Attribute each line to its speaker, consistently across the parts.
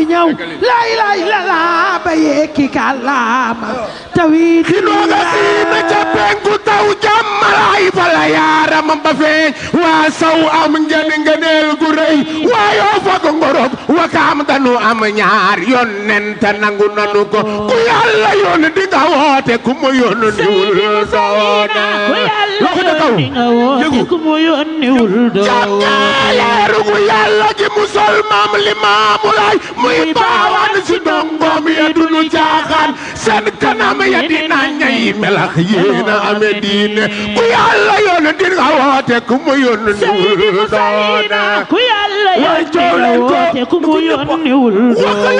Speaker 1: bi ñëw laa ilaaha illallaah ba yekki kàllaama tawit xinooga siime ca penku taw jàmmalaay fa la yaaramam ba feeñ waa saw am ngeen ngëneel gu rëy waayoo fa ko ngoroog wakaam danu am ñaar yonent nangu nanu ko ku yàlla yoon di nga woote ku mu yoon niwul loxo da kaw yëgu jàpp naa leeru gu yàlla li maamu lay muy baawaan si dongoom ya du nu caaxaan seen kanam ya dina ñay melax yéena ame diine ku yàlla yoon di nga ku mu yoon niwul doona la yor woote ku mu yónni wul woote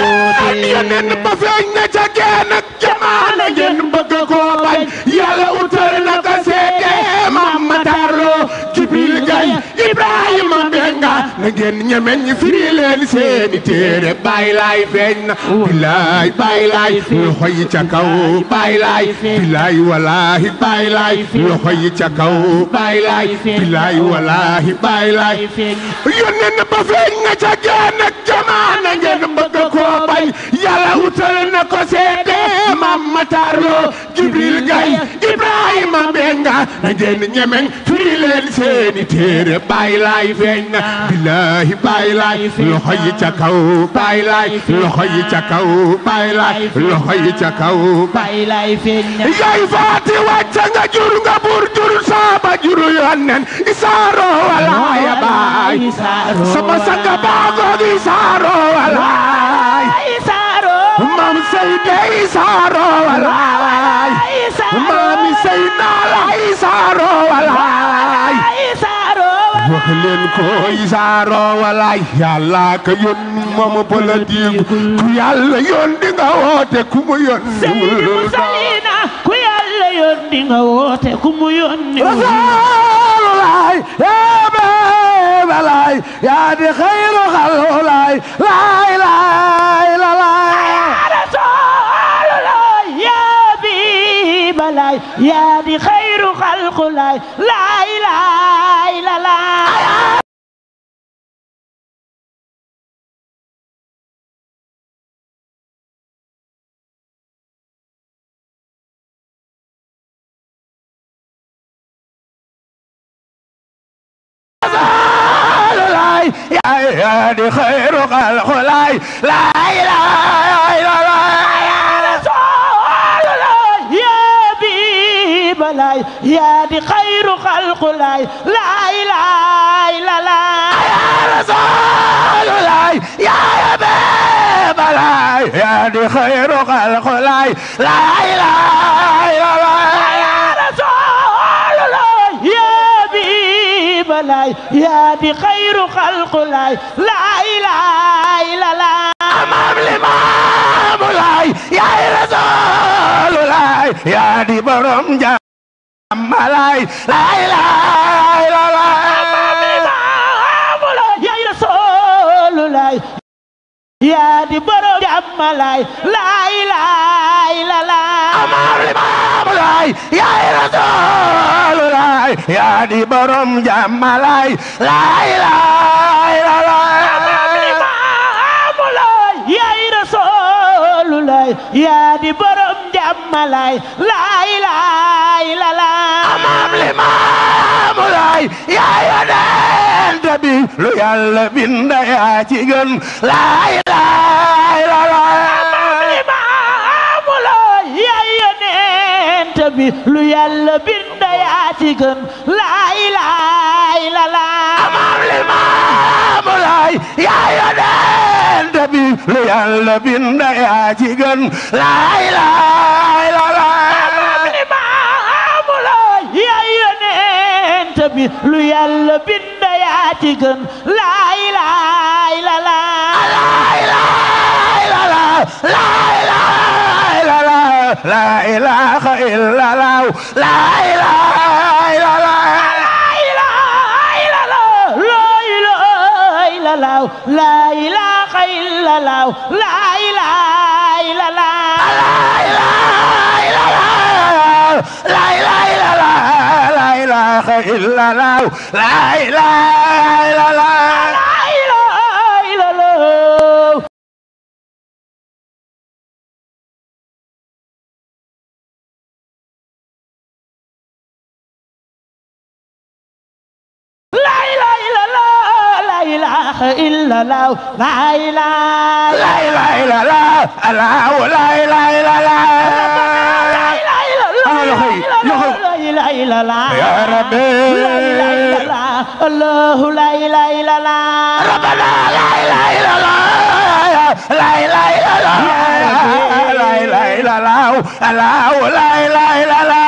Speaker 1: yeneen ba feeñ na ca kenn ak jamaana ngeen bëgg koo bañ yàlla utal na ko seede na ngeen ñemeñ ñi seeni téere bàyyi laay feeñ na bilaay bàyyi laay loxo yi ca kaw bàyyi laay bilaay walaahi bàyyi laay loxo yi ca kaw bàyyi laay bilaay walaahi bàyyi laay yónneen ba feeñ na ca geen ak jamaa na ngeen bëgg koo bañ yàlla wutal na ko seede maam matarloo jibril gay ibrahima benga na ngeen ñemeñ firi seeni téere bàyyi laay feeñ na ilaahi baay laay loxo yi ca kaw baay laay loxo yi ca kaw baay laay loxo yi ca kaw baay laay feeñ na yaay faati wàcc nga jur nga buur jur saaba juru yonnen isaaro walaaya baay sama sanga baagoog isaaro walaay maam Seyde isaaro walaay maami Seyna la isaaro walaay leen ko isaaroo wala yàlla ka yónni moom politique ku yàlla yónni nga woote ku mu yónni mu salina ku yàlla yónni nga woote ku mu yónni rasulullah yaa beebalaay yaa di xayru xalulaay laay laay la laay لاي يا دي خير خلق لاي لا إله لا الله يا دي خير خلق لاي لا إله laay yaa di xayru xalqu laay laay laay la laay yaa rasulu laay yaa yabeeba laay yaa di xayru xalqu laay laay laay la laay yaa rasulu laay yaa biiba laay yaa di xayru xalqu laay laay laay la laay amam limaamu laay yaa rasulu laay yaa di borom ja ma laay laay laay laay yaay rasuulu laay yaa di borom jàmm laay laay laay laay amar limaam laay yaay rasuulu laay yaa di borom jàmm laay laay laay laay yaa di borom jàmm laay laay laay amaam li maamu laay yaa yonent bi lu yàlla bind yaa ci gën laa ilaaha illallaah amaam li maamu laay yaa yonent bi lu yàlla bind yaa ci gën laa ilaaha illallaah bi lu yàlla bind yaa ci gën laa ilaaha illallah laa ilaaha illallah laa ilaaha illallah laa ilaaha illallah laa ilaaha illallah الله لا إله إلا الله لا إله إلا الله لا إله إلا الله لا إله إلا الله إله إلا الله لا إله إلا الله إلا الله لا إله لا إله إلا الله الله لا إله إلا الله لا إله إلا الله إله إلا الله يا ربي لا إله إلا الله الله لا إله إلا الله ربنا لا إله إلا الله لا إله إلا الله لا إله إلا الله الله لا إله إلا الله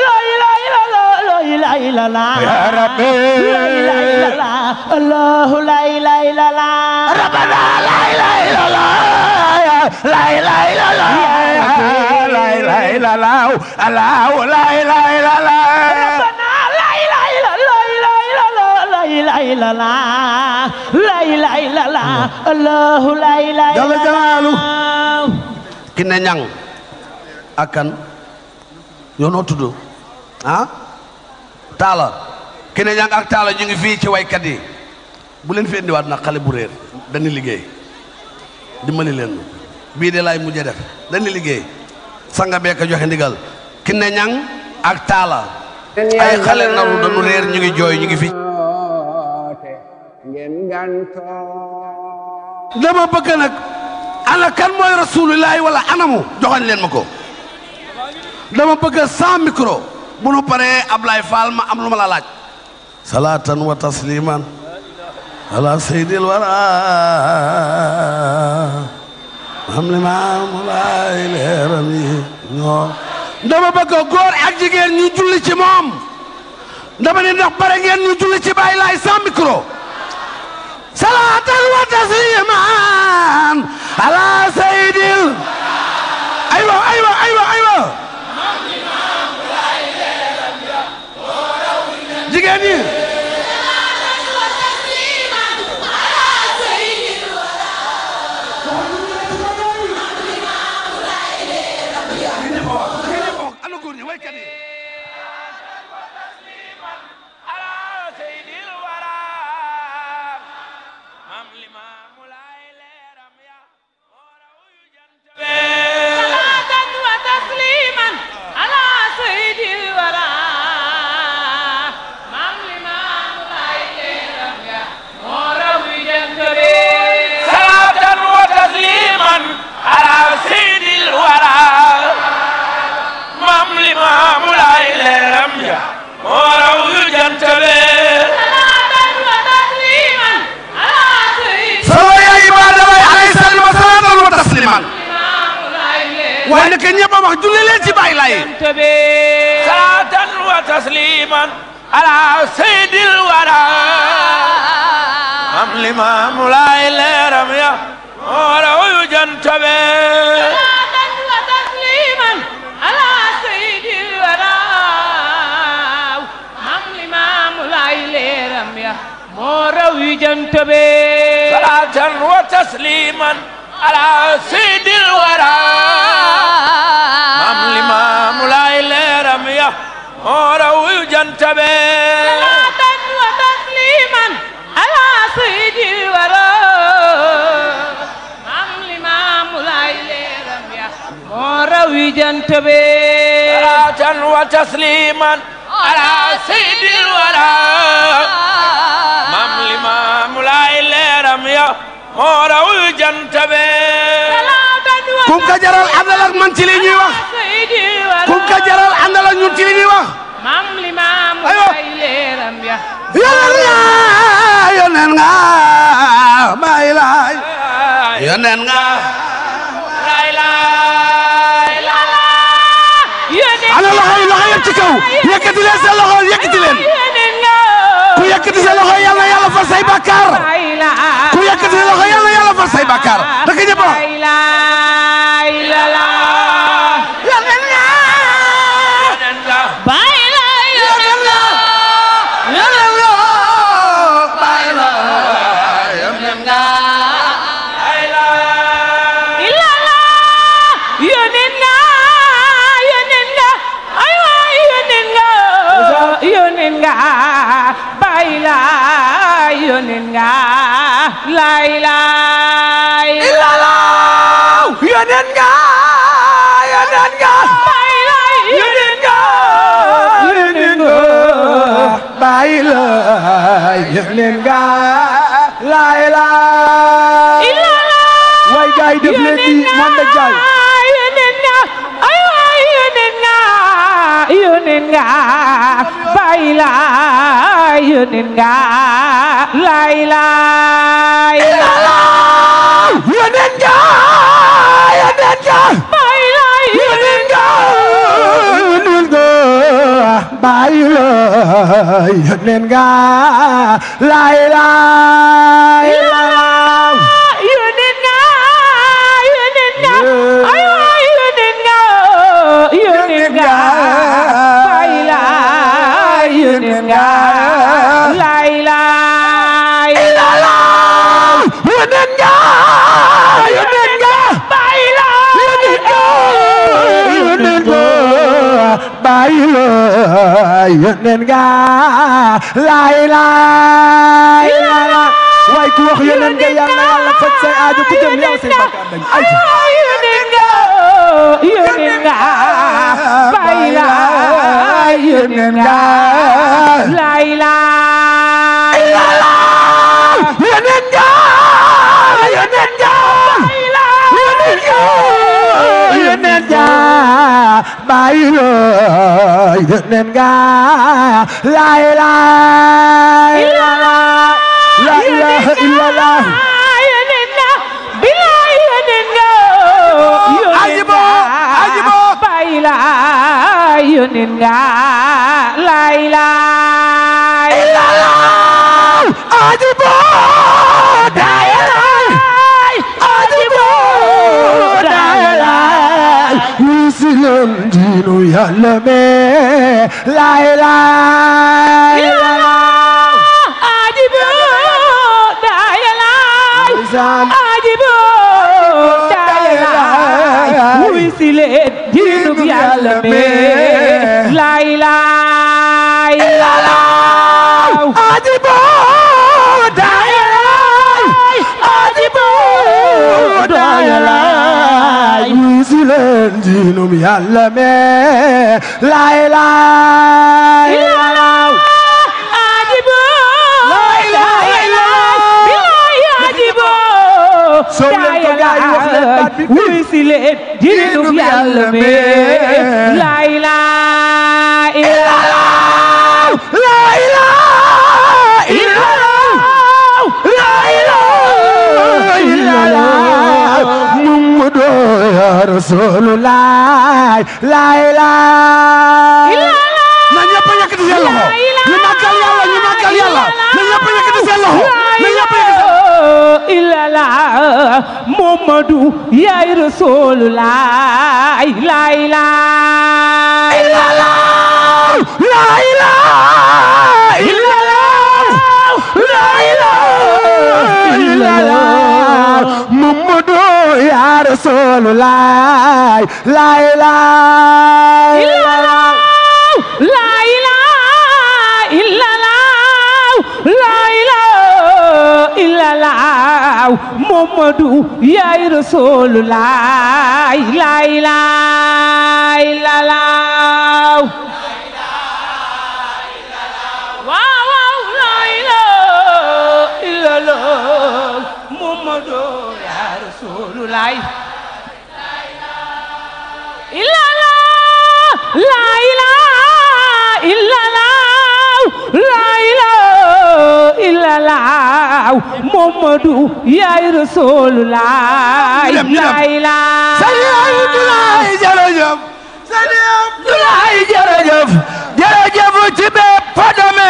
Speaker 1: لا إله إلا الله يا ربي لا إله إلا الله الله لا 来来啦啦，来来啦啦，啊啦，来来啦啦。Lai lai la la Lai lai la la Allahu lai lai la
Speaker 2: Kena nyang Akan You know to do Ha Tala Kena nyang ak tala Jungi fi ci way kadi Bulin fi indi wadna Kali burir Dani ligay Dimali lenu Dimali lenu bii de laay mujje def dañu liggéey sanga bee ko joxe ndigal ki ak taala ay xale naru dañu réer ñu ngi jooy ñu ngi fi dama bëgg nag ana kan mooy rasuulullaahi wala anamu joxoñ leen ma ko dama bëgg sans micro bu nu paree Ablaye Fall ma am lu ma la wa tasliman ala sayyidil wara am li maam laay leeram yi ñoo dama bëgg góor ak jigéen ñu moom dama ne ndax bare ngeen ñu julli ci bàyyi laay sans micro salaatan wa tasliman ala sayyidil
Speaker 1: aywa aywa aywa aywa
Speaker 2: jigéen ñi
Speaker 1: 覚えてや سيد الورى أم لما مولاي ليرم يا ورا يجنت به وتسليما على سيد الورى أم لما مولاي ليرم يا ورا يجنت به صلاة وتسليما على سيد الورى أم لما مولاي ليرم يا ورا يجنت به luy
Speaker 2: ka jaral àndal man ci li wax
Speaker 1: kum ka jaral àndal ñun ci li ñuy wax mam limamu lay leeram ya
Speaker 2: yonen nga yonen nga bay lay nga
Speaker 1: kau Yang ketilin salah hal yang ketilin Ku yang ketilin salah hal yang layak lafaz saya bakar Ku yang ketilin salah hal yang layak lafaz saya bakar Lekin apa? Lailah Lailah lên ngờ bay lên lên ngờ bay lên lên ngờ lại là quay gai được lên đi ngoan đánh chạy nga bay la yunin nga lai lai yunin nga yunin nga baay la yónneen nga laay laay yónneen nga yónneen nga ay waay yónneen nga yónneen nga baay laay yónneen nga laay laay yónneen nga yónneen nga laay laay laay waaye ku wax yónneen nga yàlla yàlla faj say aajo ku dem yàlla say bakkaar dañ ay yónneen nga yónneen nga bàyyi laay yónneen nga laay laay yónneen nga yónneen nga yónneen nga bayiloo yónneen nga la ilaha illallah la ilaha illallah nga bilaa yónneen nga ajibo ajibo bayilaa silem diinu yàlla mee laay laay ajibu daaya laay ajibu daaya laay wuy sileen diinu yàlla yu leen diinum yàlla laay laay laalaw ajibo laay laay laay ajibo soo leen ko gaay wax baat bi wuy si rasulullah la ilaha illallah na
Speaker 2: ñëpp yëkkati seen loxo ñu màggal yàlla ñu màggal yàlla na
Speaker 1: ñëpp yëkkati seen loxo na ñëpp yëkkati ilala Muhammadu yaay rasulullah la ilaha illallah la ilaha illallah la ilaha إلا الله محمد يا رسول الله لا إله إلا الله لا إله إلا الله لا إله إلا الله محمد يا رسول الله لا إله إلا الله محمد يا رسول الله إلا لا لا إله إلا لا لا إله إلا لا محمد يا رسول الله لا إله سيدي عبد الله جرجف سيدي عبد الله جرجف jërëjëf ci bépp deme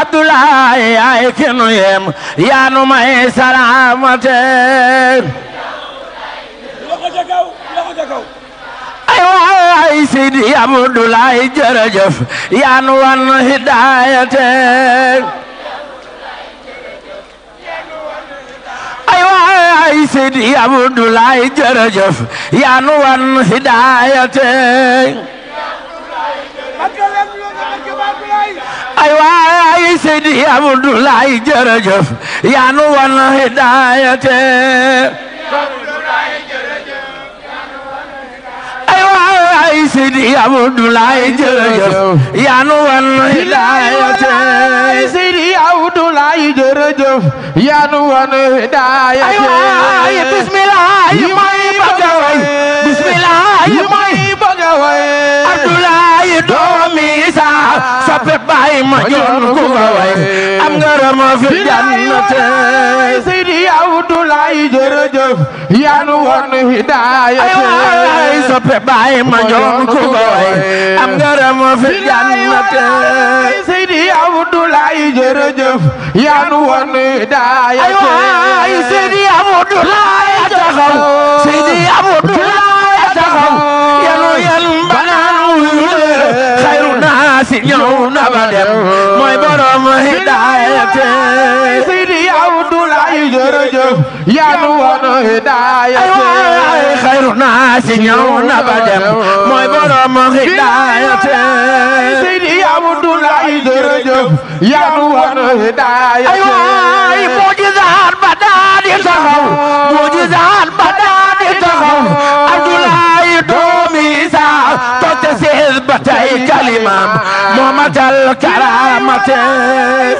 Speaker 1: Abdoulaye yaay ki nu yem yaa nu may salaamate ay waay Seydi Abdoulaye jërëjëf yaa nu wan hidaayate ay waay Seydi Abdoulaye jërëjëf yaa nu wan hidaayate waay waay Seydi Abdoulaye jërëjëf yaa nu wan hidaayate ay waay Seydi Abdoulaye jërëjëf yaa nu wan hidaayate Seydi Abdoulaye jërëjëf yaa nu wan hidaayate ay waay bismillah yi may bëgg a way bismillah yi may bëgg a way Abdoulaye doomi soppe baay ma joon ku ko way am ngërëm fi jannate Seydi Abdoulaye jërëjëf yanu woon hidaayate soppe baay ma joon ku ko way am ngërëm fi jannate Seydi Abdoulaye jërëjëf yanu woon hidaayate Seydi Abdoulaye taxaw Seydi Abdoulaye si ñëw na ba dem mooy borom hidaayate Seydi Abdoulaye jërëjëf yaa nu woon hidaayate xayru naa si ñëw na ba dem mooy borom hidaayate Seydi Abdoulaye jërëjëf yaa nu ay mujizaat ba daa di taxaw mujizaat ba daa di taxaw Abdoulaye doomi saa toog فتاي كلمة محمد الكرامة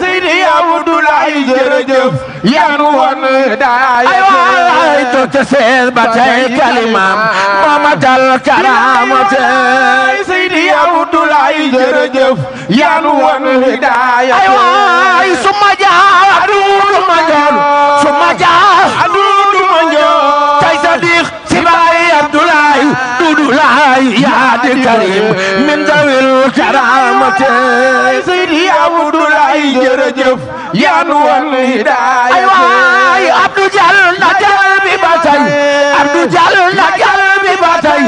Speaker 1: سيدي عبد العزيز رجف يا نور داعي أيوة تسيد بتاي كلمة محمد الكرامة سيدي عبد العزيز رجف يا نور داعي أيوة ثم يا كريم من ذوي الكرامة سيدي عبد الله جرجف يا نور الهداية أيوة عبد جل نجل بباتي عبد جل نجل بباتي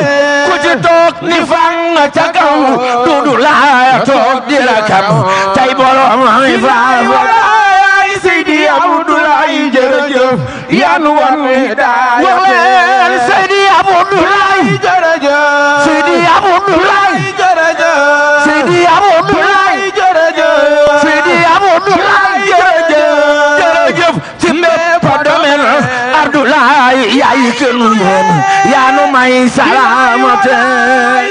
Speaker 1: كنت توك نفان تكو دودو لا توك دلكم تيبولو مهيفا سيدي عبد الله جرجف يا نور الهداية Abu Bilal jërëjëf Seydi Abu Bilal jërëjëf Seydi Abu Bilal
Speaker 2: jërëjëf Seydi Abu Bilal jërëjëf
Speaker 1: jërëjëf ci bépp domaine Abdoulaye yaay kenn yéen yaa nu may salaamate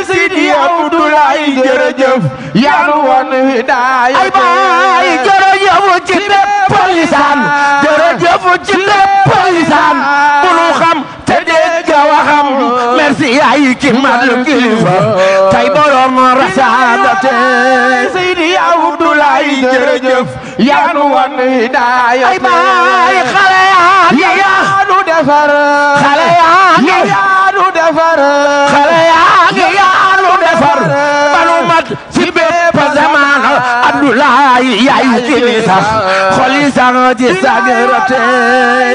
Speaker 1: Seydi Abdoulaye jërëjëf yaa nu won hidaaya ay baay jërëjëf ci bépp lisaan jërëjëf ci bépp lisaan si yaay ki mat kilifa tay borom rasaadate Seydi Abdoulaye jërëjëf yaa nu wan hidaayate ay baay xale yaa yaa nu defar xale yaa nu defar xale yaa nu defar banu mat fa zamana Abdoulaye yaay jëli sax xoli sax di sagarate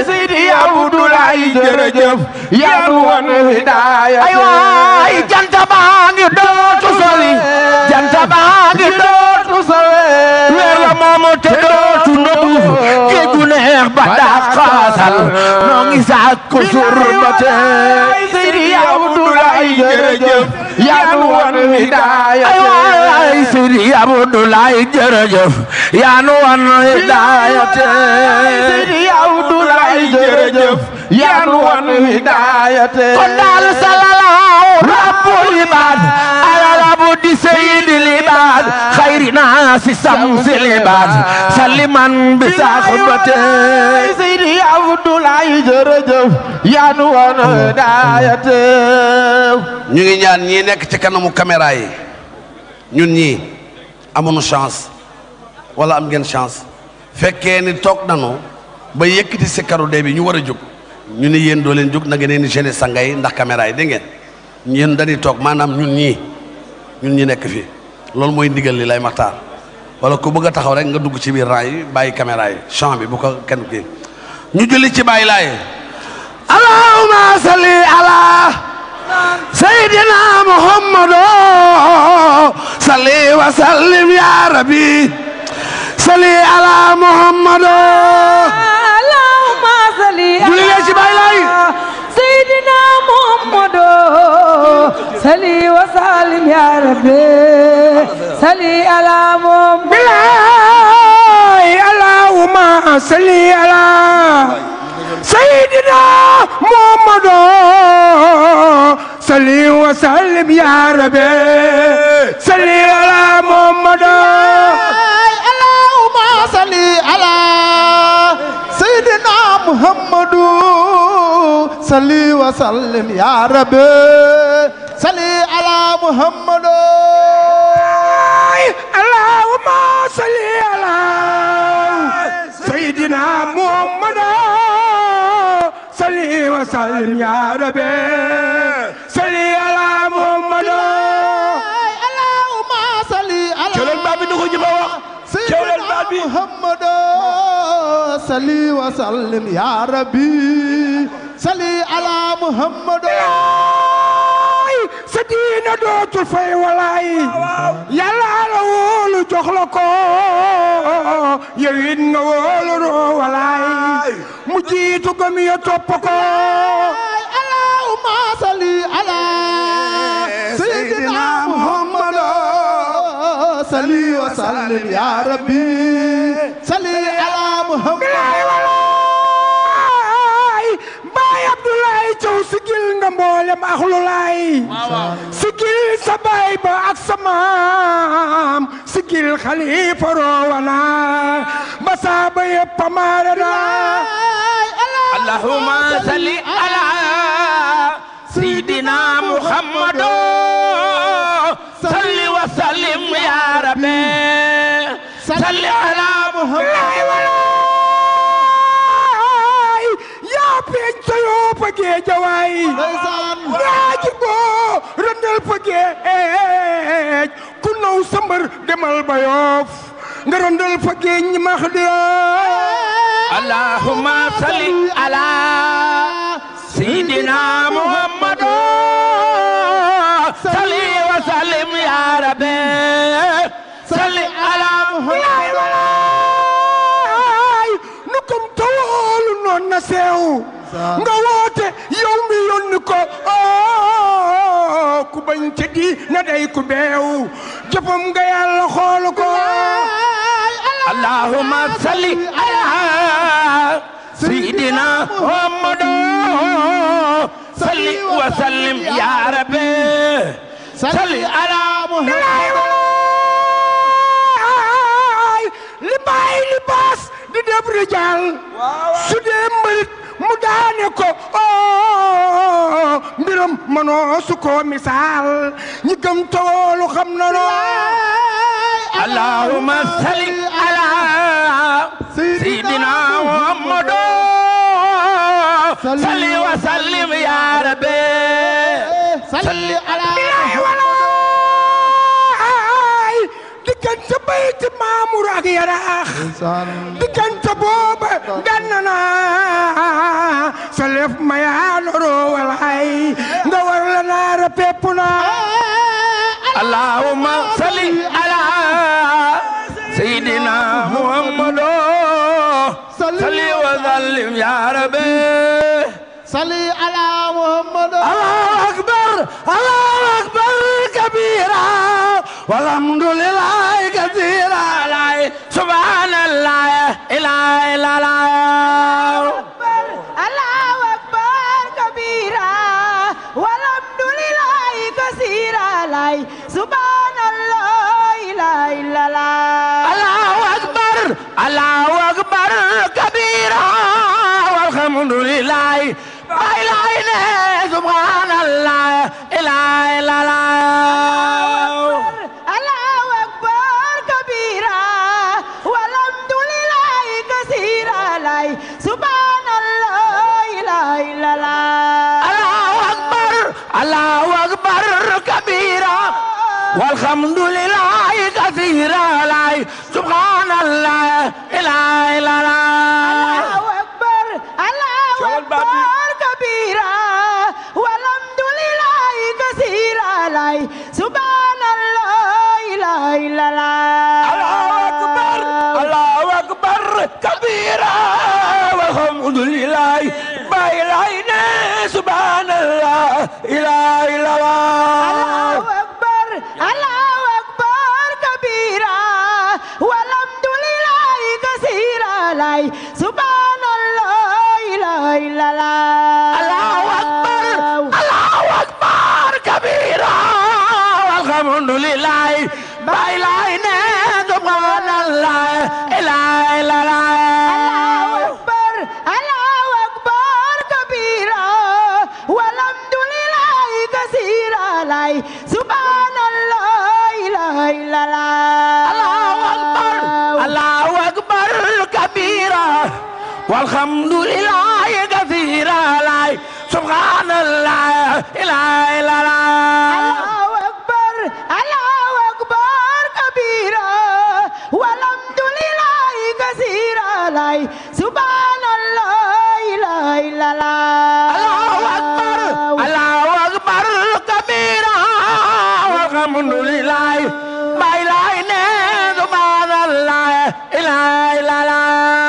Speaker 1: Seydi Abdoulaye jërëjëf yaa nu woon hidaaya ay waay janta baa ngi dootu soli janta baa ngi dootu soli weer la moomu te dootu nëbbu géeju neex ba daa xaasal noo ngi sàkku surbate ay jërëjëf yaanu wan hidaaya ay waay Seydi Abdoulaye jërëjëf yaanu wan hidaaya te Seydi Abdoulaye jërëjëf yaanu wan hidaaya te kon daal sallallahu rabbul ibad ala rabbu di sayyid بعد خير ناس الشمس العباد سلما بصحبته
Speaker 2: سيدي عبد الله جرجف يا نور هدايته ñu ngi ñaan ñi nekk ci kanamu caméra yi ñun ñii amuñu chance wala am ngeen chance fekkee ni toog nanu ba yëkkati si karu dee bi ñu war a jóg ñu ni yen doo leen jóg na ngeen ni sangay ndax caméra yi dégg ngeen yéen dañuy toog maanaam ñun ñii ñun ñi nekk fii loolu mooy ndigal li maxtaar wala ku bëgg a taxaw rek nga dugg ci biir raa yi bàyyi caméra yi bi bu ko kenn kii ñu julli ci bàyyi laay
Speaker 1: allahumma salli ala sayyidina muhammadu salli wa ya rabbi salli ala muhammadu allahumma salli julli سيدنا محمد صلي وسلم يا ربي صلي على محمد اللهم صلي على سيدنا محمد صلي وسلم يا ربي صلي على محمد صلي وسلم يا ربي صلي على محمد اللهم صل على سيدنا محمد صلي وسلم يا ربي صلي على محمد اللهم صل على جلال بابي نكو جيما واخ جلال بابي محمد صلي وسلم يا ربي sali ala muhammad sa diina dootul fay walaay yàlla la wóolu jox la ko yow it nga wóolu roo walaay mu jiitu gëm ya topp ko allahumma salli ala sayyidina muhammad salli wa sallim ya rabbi salli ala muhammad caw sigil nga mboolem axlulaay sigil sa ba ak sa sigil xalifa roowana ba saaba yëpp maare naa allahumma salli ala sayidina muhammado salli wa sallim fa ku naw sambar demal ba yoof nga rëndal fa géej ñi allahumma salli ala sayyidina muhammadu salli wa sallim rabbi nu kum tawalu noon na seew ca di na day ku beew jëfam nga yàlla xoolu ko allahumma salli ala sayyidina muhammad salli wa sallim ya rabbi salli ala li bàyyi li baas di def rijaal su dee mu daane ko oo oh, mbiram mënoo su ko misaal ñi gëm toolu xam na noo allahumma salli ala sayyidina muhammad salli wa sallim ya rabbi salli ala diggante Maamur ak Yaraax diggante booba ganna naa sa lef mayaa loroo walaay nga war la naara pepp naa allahumma salli ala sayyidina muhammadu salli wa sallim ya rabbi salli ala muhammadu allahu akbar allahu akbar kabira walhamdulillah la la la alhamdulillahi kathira lay subhanallah ila ila la allahu akbar allahu akbar kabira walhamdulillahi kathira lay subhanallah ila ila la allahu akbar allahu akbar kabira walhamdulillahi bay lay ne subhanallah ila ila laay bay laay nee subhanallah ilaah ilaah akbar allahu akbar kabira walhamdulillahi kasira laay subhanallah ilaah ilaah allahu akbar allahu akbar kabira walhamdulillahi kasira laay subhanallah ilaah ilaah alhamdulilah bay laay nee du maanal laay ilaah ilaah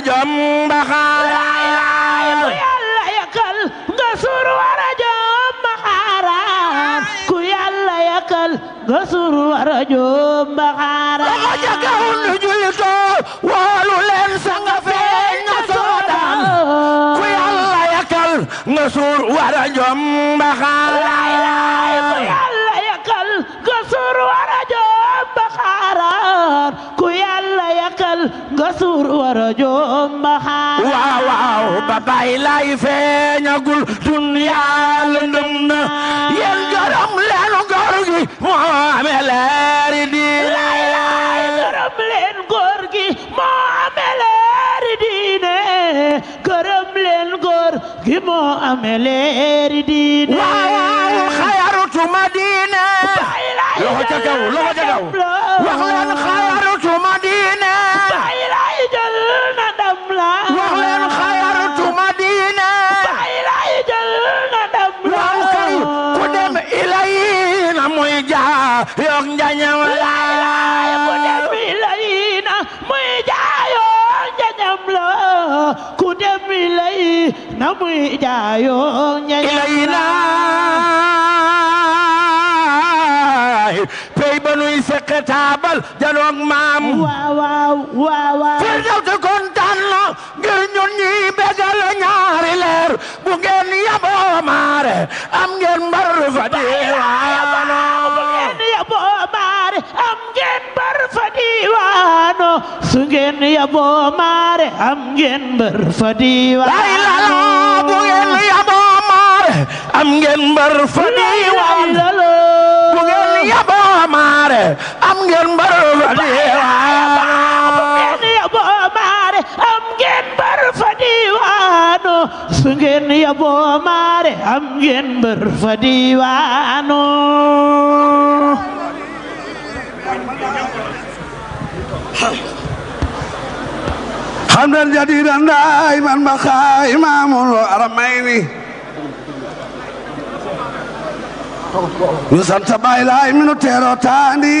Speaker 1: jom ba xaara ku yàlla nga suur wara jom ba xaara ku yàlla yakal nga suur wara jom ba xaara ko jakaw nu julito walu nga suur wara jom ba xaara rasuur wara joom baxaar waaw waaw ba bay lay feeñagul dunyaa lëndëm na yéen gërëm leen góor moo amee diine gërëm leen góor gi moo amee leeri diine gërëm leen góor gi moo amee leeri diine waaw xayarutuma diine loxo ca kaw loxo ca kaw wax leen xayarutuma diine buy jaayoo ñañalaay pey ba nuy sekk maam waaw waaw yaboo maare am yaboo maare am ngeen mbër fa diiwaan yaboo maare am ngeen mbër fa diiwaan yaboo maare am ngeen mbër fa su ngeen yaboo maare
Speaker 2: am حمدا جديدا دائما بقى إمام الحرمين ñu sant baay laay minu teeroo taandi